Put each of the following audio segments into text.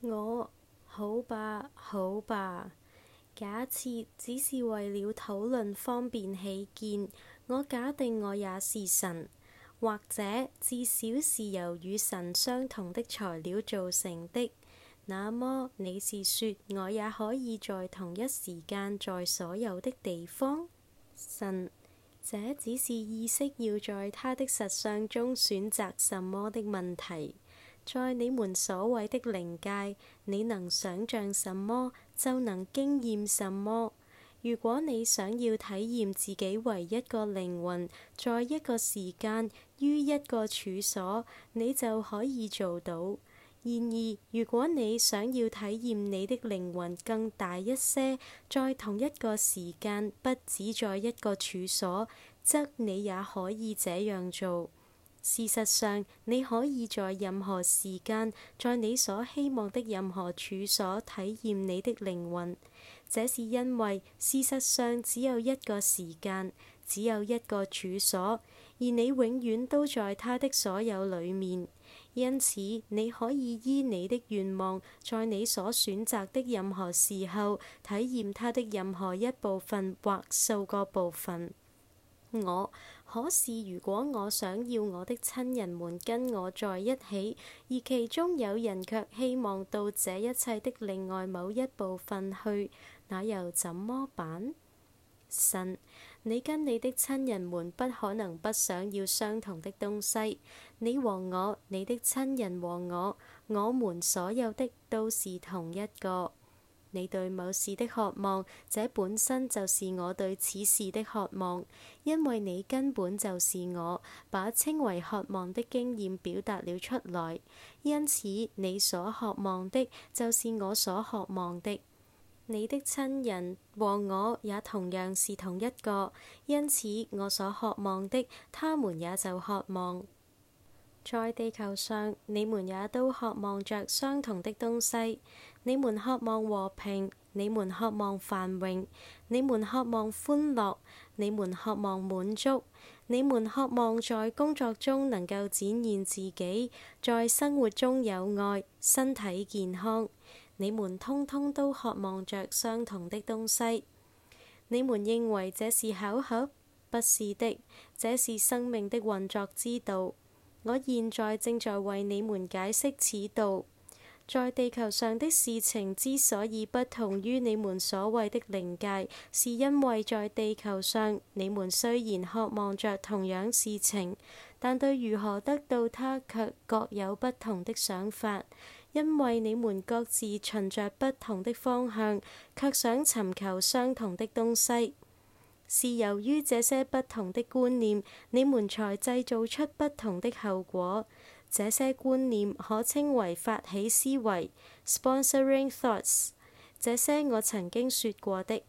我好吧，好吧。假設只是為了討論方便起見，我假定我也是神，或者至少是由與神相同的材料造成的。那麼你是說我也可以在同一時間在所有的地方？神，這只是意識要在他的實相中選擇什麼的問題。在你們所謂的靈界，你能想像什麼，就能經驗什麼。如果你想要體驗自己為一個靈魂，在一個時間於一個處所，你就可以做到。然而，如果你想要體驗你的靈魂更大一些，在同一個時間不止在一個處所，則你也可以這樣做。事實上，你可以在任何時間，在你所希望的任何處所體驗你的靈魂。這是因為事實上只有一個時間，只有一個處所，而你永遠都在它的所有裡面。因此，你可以依你的願望，在你所選擇的任何時候體驗它的任何一部分或數個部分。我。可是，如果我想要我的親人們跟我在一起，而其中有人卻希望到這一切的另外某一部分去，那又怎麼辦？神，你跟你的親人們不可能不想要相同的東西。你和我，你的親人和我，我們所有的都是同一個。你對某事的渴望，這本身就是我對此事的渴望，因為你根本就是我把稱為渴望的經驗表達了出來，因此你所渴望的，就是我所渴望的。你的親人和我也同樣是同一個，因此我所渴望的，他們也就渴望。在地球上，你們也都渴望着相同的東西。你們渴望和平，你們渴望繁榮，你們渴望歡樂，你們渴望滿足，你們渴望在工作中能夠展現自己，在生活中有愛，身體健康。你們通通都渴望着相同的東西。你們認為這是巧合？不是的，這是生命的運作之道。我現在正在為你們解釋此道。在地球上的事情之所以不同於你們所謂的靈界，是因為在地球上，你們雖然渴望着同樣事情，但對如何得到它卻各有不同的想法。因為你們各自循着不同的方向，卻想尋求相同的東西，是由於這些不同的觀念，你們才製造出不同的後果。這些觀念可稱為發起思維 （sponsoring thoughts）。Sp Thought s，這些我曾經說過的，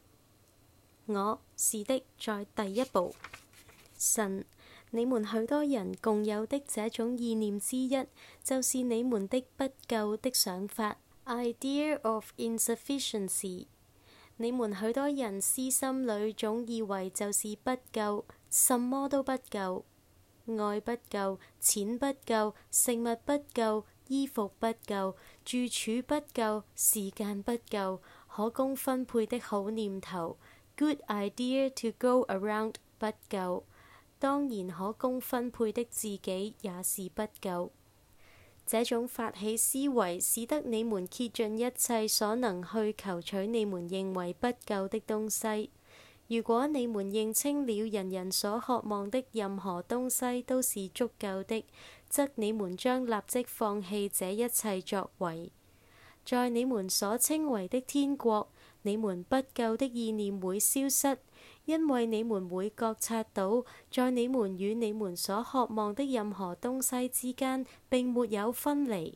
我是的，在第一步，神，你們許多人共有的這種意念之一，就是你們的不夠的想法 （idea of insufficiency）。你們許多人私心裏總以為就是不夠，什麼都不夠。愛不夠，錢不夠，食物不夠，衣服不夠，住處不夠，時間不夠，可供分配的好念頭，good idea to go around 不夠，當然可供分配的自己也是不夠。這種發起思維，使得你們竭盡一切所能去求取你們認為不夠的東西。如果你們認清了人人所渴望的任何東西都是足夠的，則你們將立即放棄這一切作為。在你們所稱為的天國，你們不夠的意念會消失，因為你們會覺察到，在你們與你們所渴望的任何東西之間並沒有分離，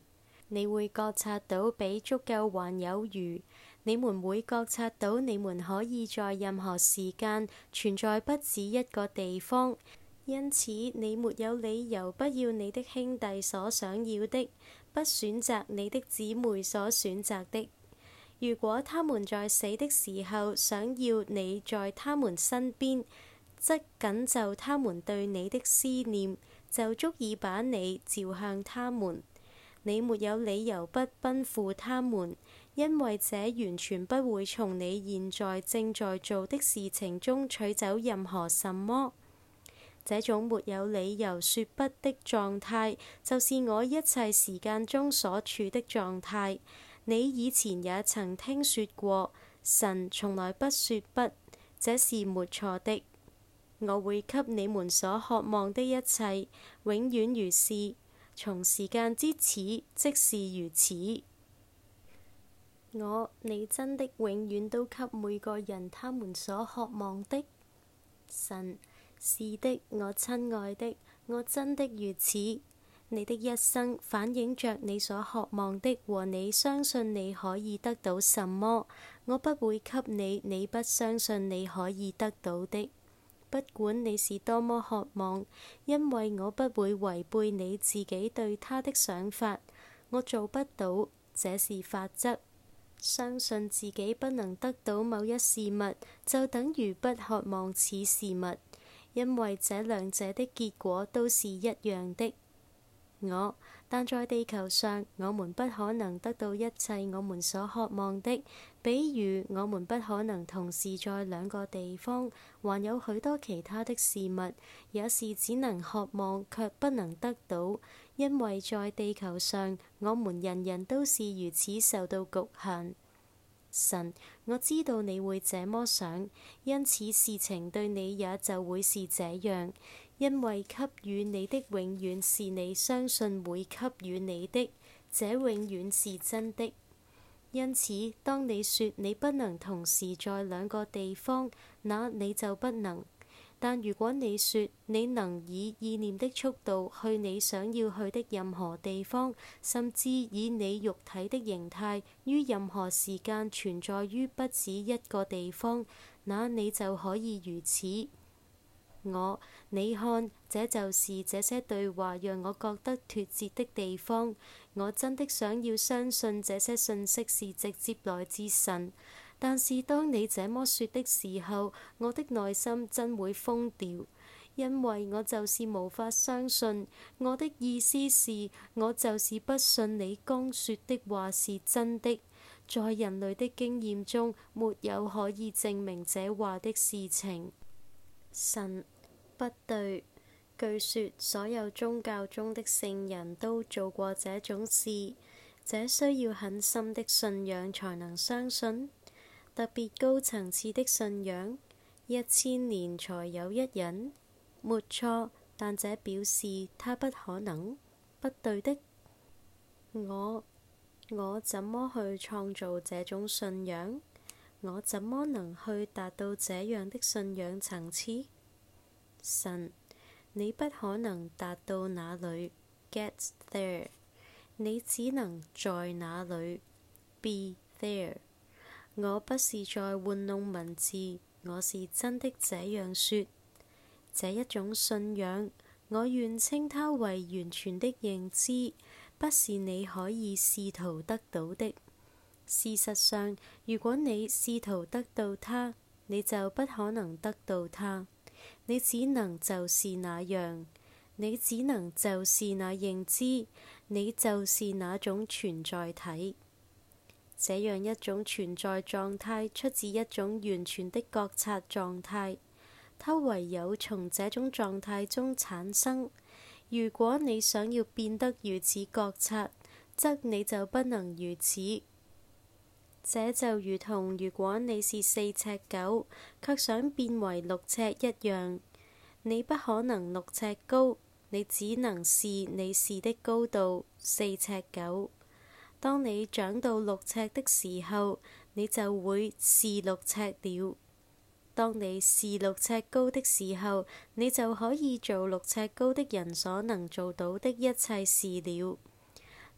你會覺察到比足夠還有餘。你們會覺察到你們可以在任何時間存在不止一個地方，因此你沒有理由不要你的兄弟所想要的，不選擇你的姊妹所選擇的。如果他們在死的時候想要你在他們身邊，則僅就他們對你的思念，就足以把你照向他們。你沒有理由不奔赴他們。因為這完全不會從你現在正在做的事情中取走任何什麼。這種沒有理由說不的狀態，就是我一切時間中所處的狀態。你以前也曾聽說過神從來不說不，這是沒錯的。我會給你們所渴望的一切，永遠如是。從時間之始，即是如此。我，你真的永遠都給每個人他們所渴望的？神，是的，我親愛的，我真的如此。你的一生反映着你所渴望的和你相信你可以得到什麼。我不會給你你不相信你可以得到的，不管你是多麼渴望，因為我不會違背你自己對他的想法。我做不到，這是法則。相信自己不能得到某一事物，就等於不渴望此事物，因為這兩者的結果都是一樣的。我，但在地球上，我們不可能得到一切我們所渴望的。比如，我們不可能同時在兩個地方，還有許多其他的事物，也是只能渴望卻不能得到。因為在地球上，我們人人都是如此受到局限。神，我知道你會這麼想，因此事情對你也就會是這樣。因為給予你的永遠是你相信會給予你的，這永遠是真的。因此，當你說你不能同時在兩個地方，那你就不能。但如果你說你能以意念的速度去你想要去的任何地方，甚至以你肉體的形態於任何時間存在於不止一個地方，那你就可以如此。我，你看，這就是這些對話讓我覺得脱節的地方。我真的想要相信這些信息是直接來自神。但是當你這麼說的時候，我的內心真會瘋掉，因為我就是無法相信。我的意思是我就是不信你剛說的話是真的。在人類的經驗中，沒有可以證明這話的事情。神，不對。據說所有宗教中的聖人都做過這種事，這需要很深的信仰才能相信。特別高層次的信仰，一千年才有一人，沒錯，但這表示他不可能，不對的。我，我怎麼去創造這種信仰？我怎麼能去達到這樣的信仰層次？神，你不可能達到那裡，get there。你只能在那裡，be there。我不是在玩弄文字，我是真的這樣說。這一種信仰，我願稱它為完全的認知，不是你可以試圖得到的。事實上，如果你試圖得到它，你就不可能得到它，你只能就是那樣，你只能就是那認知，你就是那種存在體。這樣一種存在狀態，出自一種完全的覺察狀態。它唯有從這種狀態中產生。如果你想要變得如此覺察，則你就不能如此。這就如同如果你是四尺九，卻想變為六尺一樣，你不可能六尺高，你只能是你是的高度，四尺九。當你長到六尺的時候，你就會是六尺了。當你是六尺高的時候，你就可以做六尺高的人所能做到的一切事了。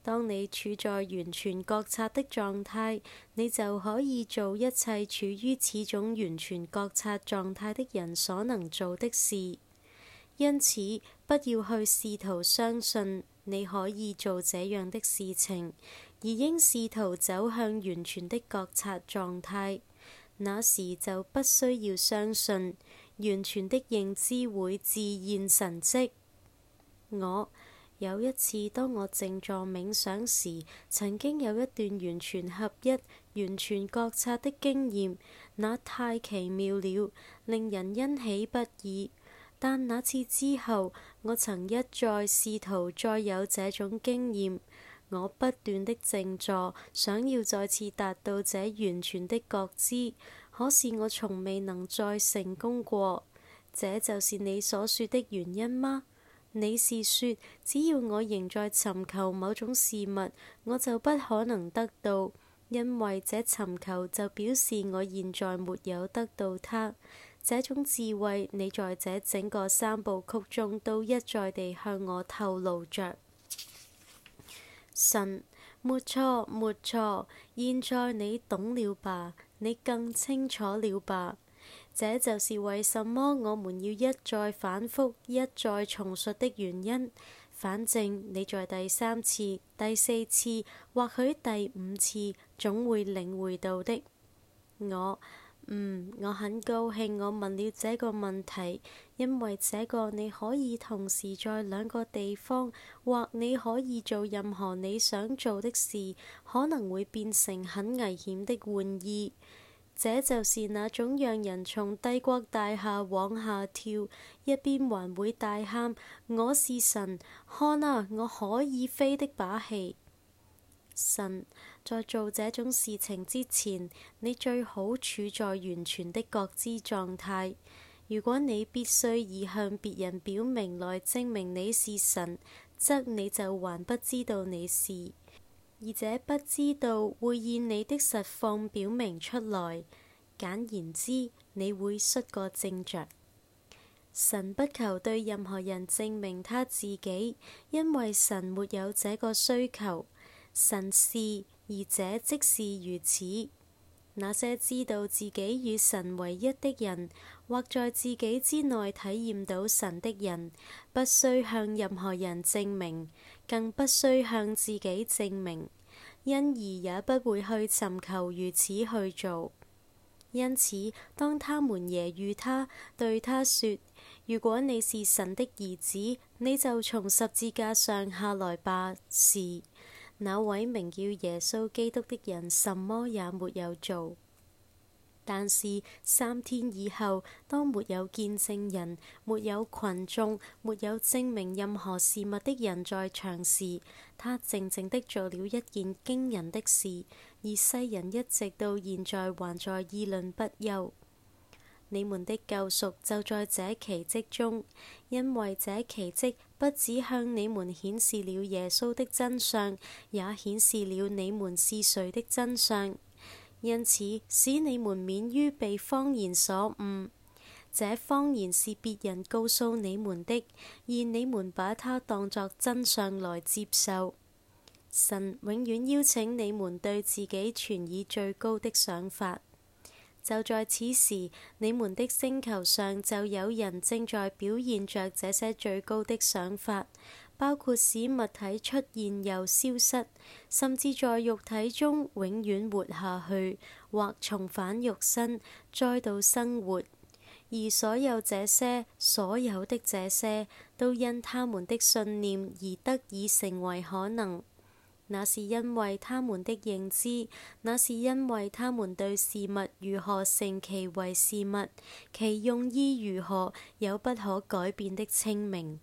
當你處在完全覺察的狀態，你就可以做一切處於此種完全覺察狀態的人所能做的事。因此，不要去試圖相信你可以做這樣的事情。而應試圖走向完全的覺察狀態，那時就不需要相信完全的認知會自現神蹟。我有一次當我靜坐冥想時，曾經有一段完全合一、完全覺察的經驗，那太奇妙了，令人欣喜不已。但那次之後，我曾一再試圖再有這種經驗。我不斷的靜坐，想要再次達到這完全的覺知，可是我從未能再成功過，這就是你所說的原因嗎？你是說只要我仍在尋求某種事物，我就不可能得到，因為這尋求就表示我現在沒有得到它。這種智慧，你在這整個三部曲中都一再地向我透露着。神，沒錯，沒錯。現在你懂了吧？你更清楚了吧？這就是為什麼我們要一再反覆、一再重述的原因。反正你在第三次、第四次，或許第五次，總會領會到的。我嗯，我很高興我問了這個問題，因為這個你可以同時在兩個地方，或你可以做任何你想做的事，可能會變成很危險的玩意。這就是那種讓人從帝國大廈往下跳，一邊還會大喊我是神，看啊，我可以飛的把戲，神。在做這種事情之前，你最好處在完全的覺知狀態。如果你必須以向別人表明來證明你是神，則你就還不知道你是，而且不知道會以你的實況表明出來。簡言之，你會失個正着。神不求對任何人證明他自己，因為神沒有這個需求。神是。而這即是如此。那些知道自己與神為一的人，或在自己之內體驗到神的人，不需向任何人證明，更不需向自己證明，因而也不會去尋求如此去做。因此，當他們揶揄他對他說：“如果你是神的兒子，你就從十字架上下來吧。是」時那位名叫耶穌基督的人什麼也沒有做，但是三天以後當沒有見證人、沒有群衆、沒有證明任何事物的人在場時，他靜靜的做了一件驚人的事，而世人一直到現在還在議論不休。你們的救贖就在這奇迹中，因為這奇迹。不只向你們顯示了耶穌的真相，也顯示了你們是誰的真相，因此使你們免於被謊言所誤。這謊言是別人告訴你們的，而你們把它當作真相來接受。神永遠邀請你們對自己存以最高的想法。就在此時，你們的星球上就有人正在表現着這些最高的想法，包括使物體出現又消失，甚至在肉體中永遠活下去，或重返肉身，再度生活。而所有這些，所有的這些，都因他們的信念而得以成為可能。那是因為他們的認知，那是因為他們對事物如何成其為事物，其用意如何有不可改變的清明。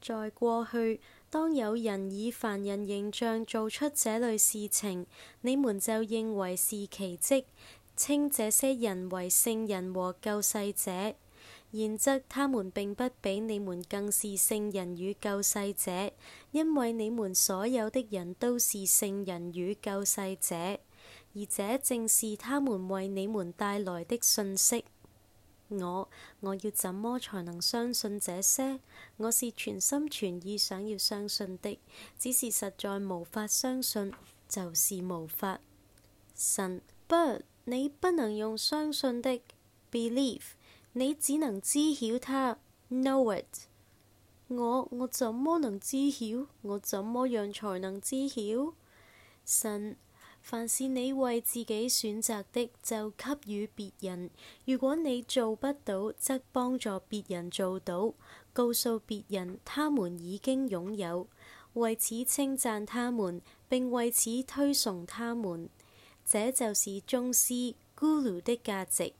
在過去，當有人以凡人形象做出這類事情，你們就認為是奇迹，稱這些人為聖人和救世者。然則，他們並不比你們更是聖人與救世者，因為你們所有的人都是聖人與救世者，而這正是他們為你們帶來的信息。我，我要怎麼才能相信這些？我是全心全意想要相信的，只是實在無法相信，就是無法。神，不，你不能用相信的 belief。你只能知曉他，know it 我。我我怎麼能知曉？我怎麼樣才能知曉？神，凡是你為自己選擇的，就給予別人；如果你做不到，則幫助別人做到，告訴別人他們已經擁有，為此稱讚他們，並為此推崇他們。這就是宗師咕嚕的價值。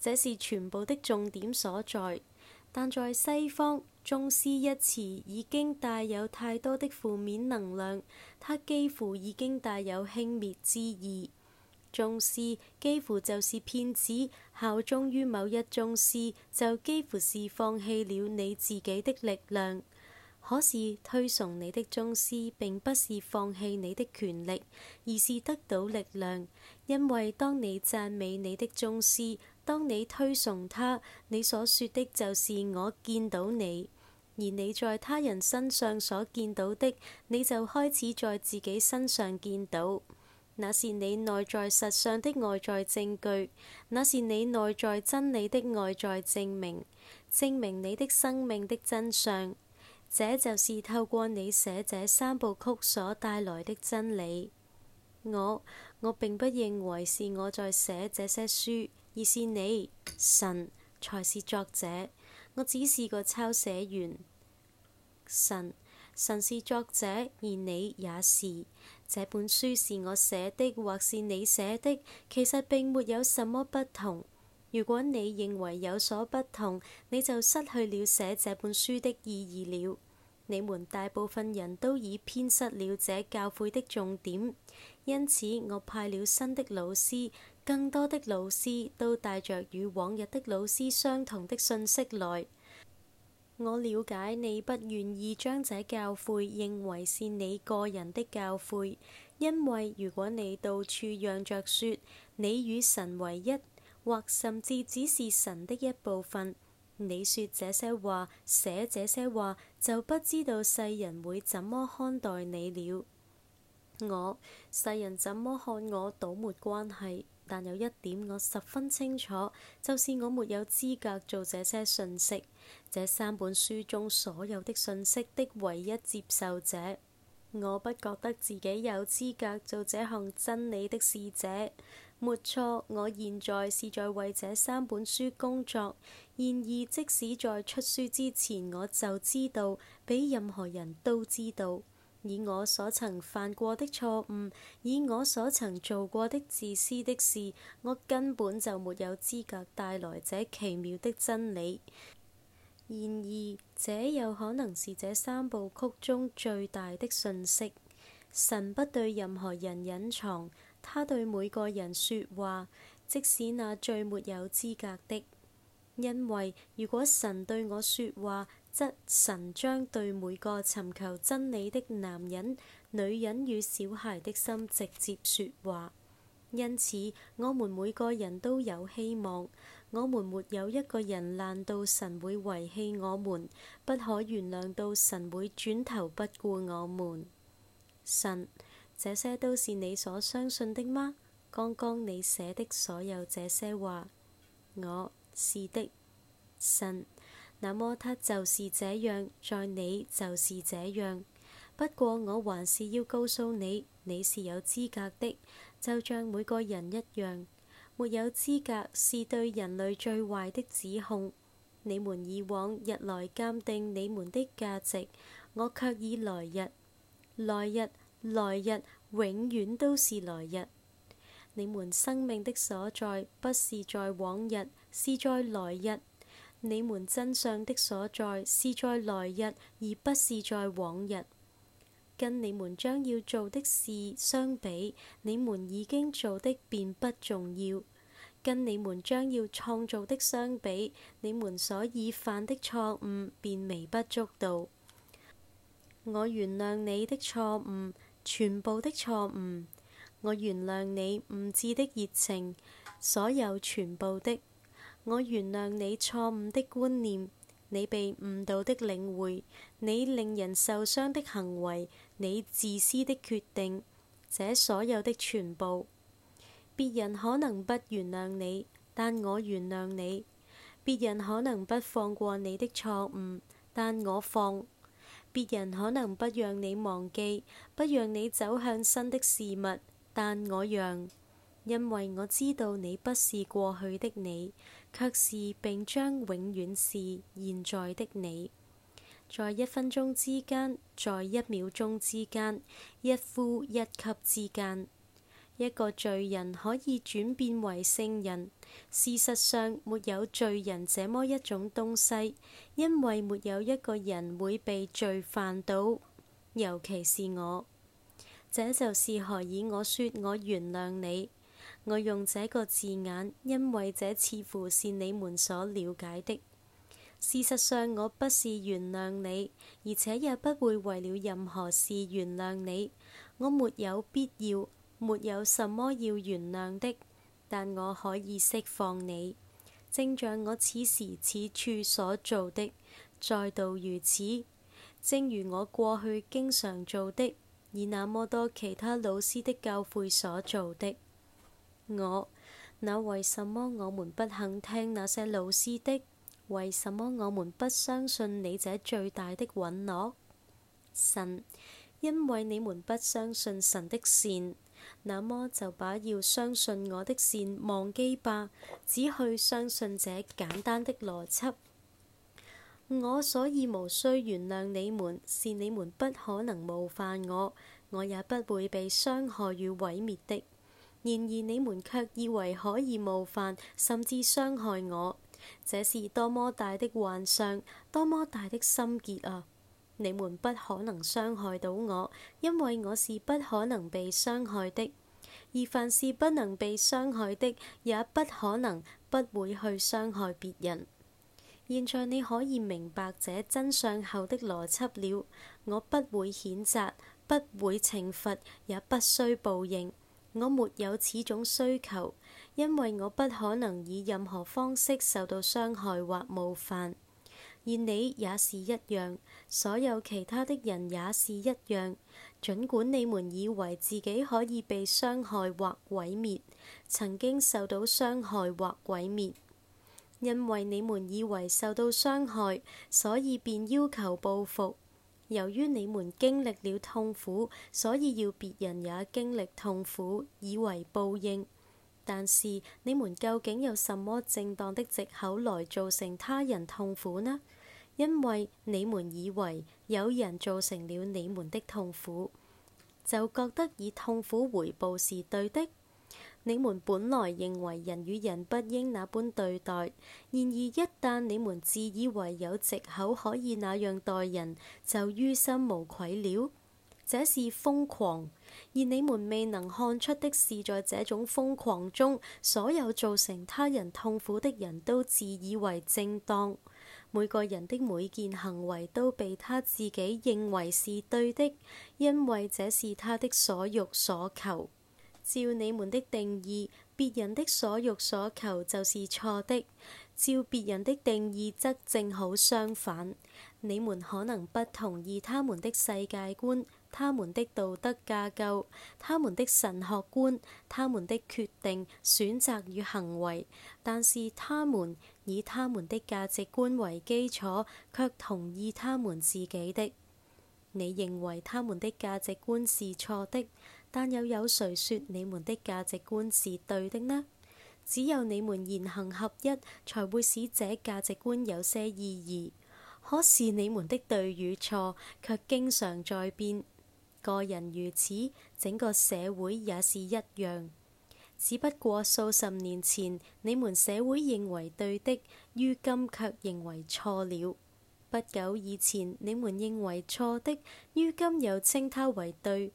這是全部的重點所在，但在西方，宗師一詞已經帶有太多的負面能量，它幾乎已經帶有輕蔑之意。宗師幾乎就是騙子，效忠於某一宗師，就幾乎是放棄了你自己的力量。可是推崇你的宗師並不是放棄你的權力，而是得到力量，因為當你讚美你的宗師。當你推崇他，你所說的就是我見到你，而你在他人身上所見到的，你就開始在自己身上見到。那是你內在實相的外在證據，那是你內在真理的外在證明，證明你的生命的真相。這就是透過你寫這三部曲所帶來的真理。我，我並不認為是我在寫這些書。而是你，神才是作者，我只是個抄寫員，神，神是作者，而你也是。這本書是我寫的，或是你寫的，其實並沒有什麼不同。如果你認為有所不同，你就失去了寫這本書的意義了。你們大部分人都已偏失了這教誨的重點，因此我派了新的老師。更多的老師都帶着與往日的老師相同的訊息來。我了解你不願意將這教誨認為是你個人的教誨，因為如果你到處讓著說，你與神為一或甚至只是神的一部分，你說這些話、寫這些話，就不知道世人會怎麼看待你了。我，世人怎麼看我，倒沒關係。但有一點我十分清楚，就是我沒有資格做這些信息。這三本書中所有的信息的唯一接受者，我不覺得自己有資格做這項真理的使者。沒錯，我現在是在為這三本書工作。然而，即使在出書之前，我就知道，比任何人都知道。以我所曾犯過的錯誤，以我所曾做過的自私的事，我根本就沒有資格帶來這奇妙的真理。然而，這有可能是這三部曲中最大的訊息。神不對任何人隱藏，他對每個人說話，即使那最沒有資格的。因為如果神對我說話，則神將對每個尋求真理的男人、女人與小孩的心直接說話。因此我們每個人都有希望。我們沒有一個人爛到神會遺棄我們，不可原諒到神會轉頭不顧我們。神，這些都是你所相信的嗎？剛剛你寫的所有這些話，我是的。神。那麼，他就是這樣，在你就是這樣。不過，我還是要告訴你，你是有資格的，就像每個人一樣。沒有資格是對人類最壞的指控。你們以往日來鑑定你們的價值，我卻以來日、來日、來日永遠都是來日。你們生命的所在不是在往日，是在來日。你們真相的所在是在來日，而不是在往日。跟你們將要做的事相比，你們已經做的便不重要；跟你們將要創造的相比，你們所以犯的錯誤便微不足道。我原諒你的錯誤，全部的錯誤。我原諒你誤置的熱情，所有全部的。我原諒你錯誤的觀念，你被誤導的領會，你令人受傷的行為，你自私的決定，這所有的全部。別人可能不原諒你，但我原諒你；別人可能不放過你的錯誤，但我放；別人可能不讓你忘記，不讓你走向新的事物，但我讓，因為我知道你不是過去的你。卻是并將永遠是現在的你，在一分鐘之間，在一秒鐘之間，一呼一吸之間，一個罪人可以轉變為聖人。事實上，沒有罪人這麼一種東西，因為沒有一個人會被罪犯到，尤其是我。這就是何以我說我原諒你。我用這個字眼，因為這似乎是你們所了解的。事實上，我不是原諒你，而且也不會為了任何事原諒你。我沒有必要，沒有什麼要原諒的，但我可以釋放你，正像我此時此處所做的，再度如此，正如我過去經常做的，以那麼多其他老師的教誨所做的。我，那為什麼我們不肯聽那些老師的？為什麼我們不相信你這最大的允諾？神，因為你們不相信神的善，那麼就把要相信我的善忘記吧，只去相信這簡單的邏輯。我所以無需原諒你們，是你們不可能冒犯我，我也不會被傷害與毀滅的。然而你們卻以為可以冒犯，甚至傷害我，這是多麼大的幻想，多麼大的心結啊！你們不可能傷害到我，因為我是不可能被傷害的。而凡是不能被傷害的，也不可能不會去傷害別人。現在你可以明白這真相後的邏輯了。我不會譴責，不會懲罰，也不需報應。我沒有此種需求，因為我不可能以任何方式受到傷害或冒犯，而你也是一樣，所有其他的人也是一樣。儘管你們以為自己可以被傷害或毀滅，曾經受到傷害或毀滅，因為你們以為受到傷害，所以便要求報復。由於你們經歷了痛苦，所以要別人也經歷痛苦，以為報應。但是你們究竟有什麼正當的藉口來造成他人痛苦呢？因為你們以為有人造成了你們的痛苦，就覺得以痛苦回報是對的。你們本來認為人與人不應那般對待，然而一旦你們自以為有藉口可以那樣待人，就於心無愧了。這是瘋狂，而你們未能看出的是，在這種瘋狂中，所有造成他人痛苦的人都自以為正當。每個人的每件行為都被他自己認為是對的，因為這是他的所欲所求。照你們的定義，別人的所欲所求就是錯的。照別人的定義，則正好相反。你們可能不同意他們的世界觀、他們的道德架構、他們的神學觀、他們的決定選擇與行為，但是他們以他們的價值觀為基礎，卻同意他們自己的。你認為他們的價值觀是錯的？但又有，有誰說你們的價值觀是對的呢？只有你們言行合一，才會使這價值觀有些意義。可是你們的對與錯卻經常在變，個人如此，整個社會也是一樣。只不過數十年前你們社會認為對的，如今卻認為錯了；不久以前你們認為錯的，如今又稱它為對。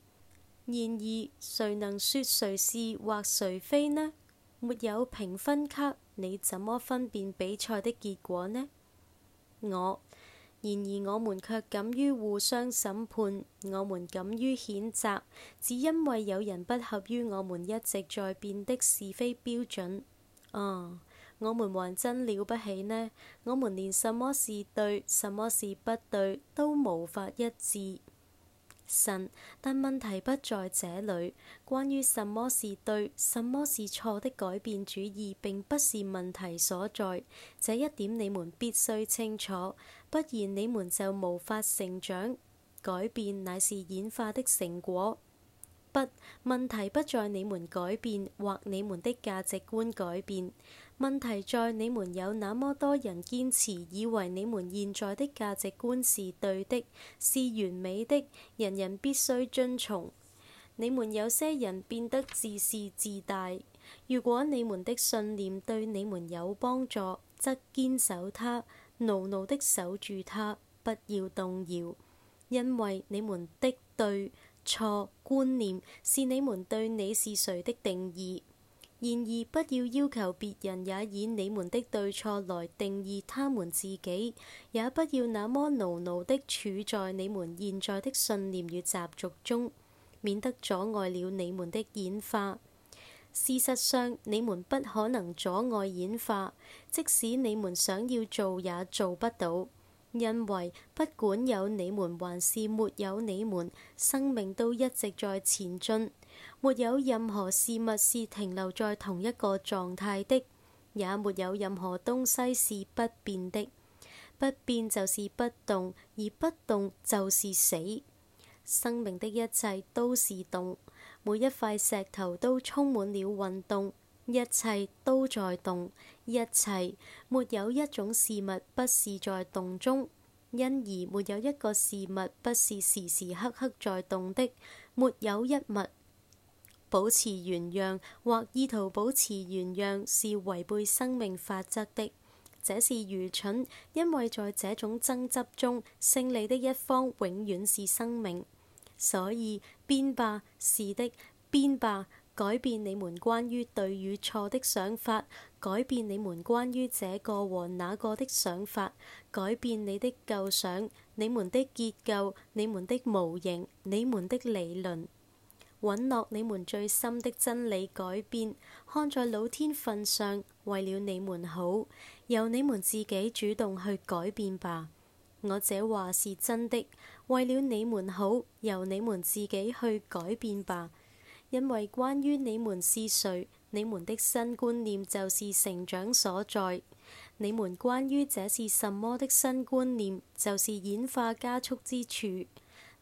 然而，誰能說誰是或誰非呢？沒有評分卡，你怎麼分辨比賽的結果呢？我。然而，我們卻敢於互相審判，我們敢於譴責，只因為有人不合於我們一直在變的是非標準。啊，我們還真了不起呢！我們連什麼是對，什麼是不對，都無法一致。神，但問題不在這裏。關於什麼是對，什麼是錯的改變主義並不是問題所在。這一點你們必須清楚，不然你們就無法成長。改變乃是演化的成果。不，問題不在你們改變，或你們的價值觀改變。問題在你們有那麼多人堅持，以為你們現在的價值觀是對的，是完美的，人人必須遵從。你們有些人變得自私自大。如果你們的信念對你們有幫助，則堅守它，牢牢的守住它，不要動搖，因為你們的對錯觀念是你們對你是誰的定義。然而，不要要求別人也以你們的對錯來定義他們自己，也不要那麼牢牢的處在你們現在的信念與習俗中，免得阻礙了你們的演化。事實上，你們不可能阻礙演化，即使你們想要做也做不到，因為不管有你們還是沒有你們，生命都一直在前進。沒有任何事物是停留在同一個狀態的，也沒有任何東西是不變的。不變就是不動，而不動就是死。生命的一切都是動，每一塊石頭都充滿了運動，一切都在動，一切沒有一種事物不是在動中，因而沒有一個事物不是時時刻刻在動的，沒有一物。保持原樣或意圖保持原樣是違背生命法則的，這是愚蠢，因為在這種爭執中，勝利的一方永遠是生命。所以，變吧，是的，變吧，改變你們關於對與錯的想法，改變你們關於這個和那個的想法，改變你的構想、你們的結構、你們的模型、你們的理論。揾落你們最深的真理，改變，看在老天份上，為了你們好，由你們自己主動去改變吧。我這話是真的，為了你們好，由你們自己去改變吧。因為關於你們是誰，你們的新觀念就是成長所在；你們關於這是什麼的新觀念，就是演化加速之處。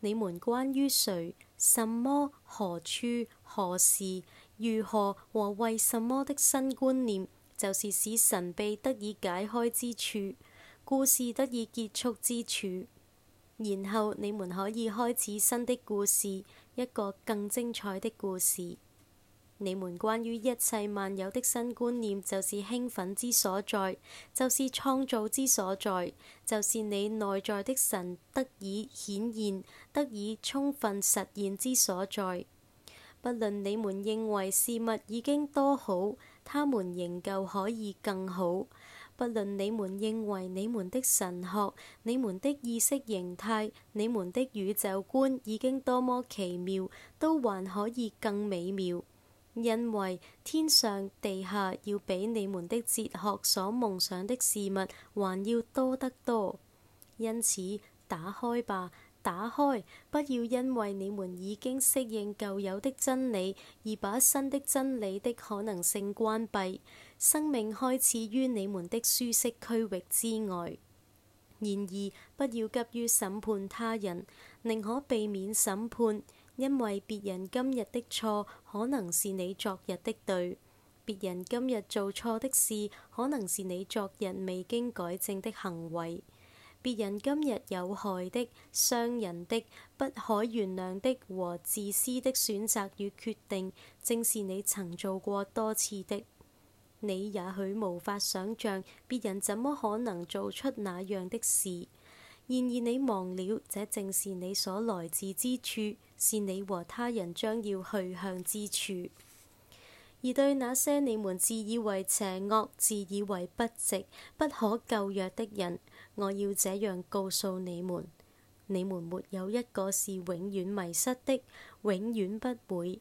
你們關於誰。什麼、何處何時、如何和為什麼的新觀念，就是使神秘得以解開之處，故事得以結束之處。然後你們可以開始新的故事，一個更精彩的故事。你們關於一切萬有的新觀念，就是興奮之所在，就是創造之所在，就是你內在的神得以顯現、得以充分實現之所在。不論你們認為事物已經多好，他們仍舊可以更好；不論你們認為你們的神學、你們的意識形態、你們的宇宙觀已經多麼奇妙，都還可以更美妙。因為天上地下要比你們的哲學所夢想的事物還要多得多，因此打開吧，打開！不要因為你們已經適應舊有的真理而把新的真理的可能性關閉。生命開始於你們的舒適區域之外。然而，不要急於審判他人，寧可避免審判。因為別人今日的錯，可能是你昨日的對，別人今日做錯的事，可能是你昨日未經改正的行為，別人今日有害的、傷人的、不可原諒的和自私的選擇與決定，正是你曾做過多次的。你也許無法想象，別人怎麼可能做出那樣的事。然而你忘了，這正是你所來自之處，是你和他人將要去向之處。而對那些你們自以為邪惡，自以為不值、不可救藥的人，我要這樣告訴你們，你們沒有一個是永遠迷失的，永遠不會，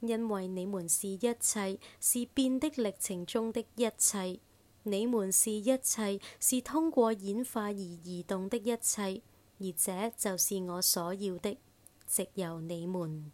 因為你們是一切，是變的歷程中的一切。你們是一切，是通過演化而移動的一切，而這就是我所要的。藉由你們。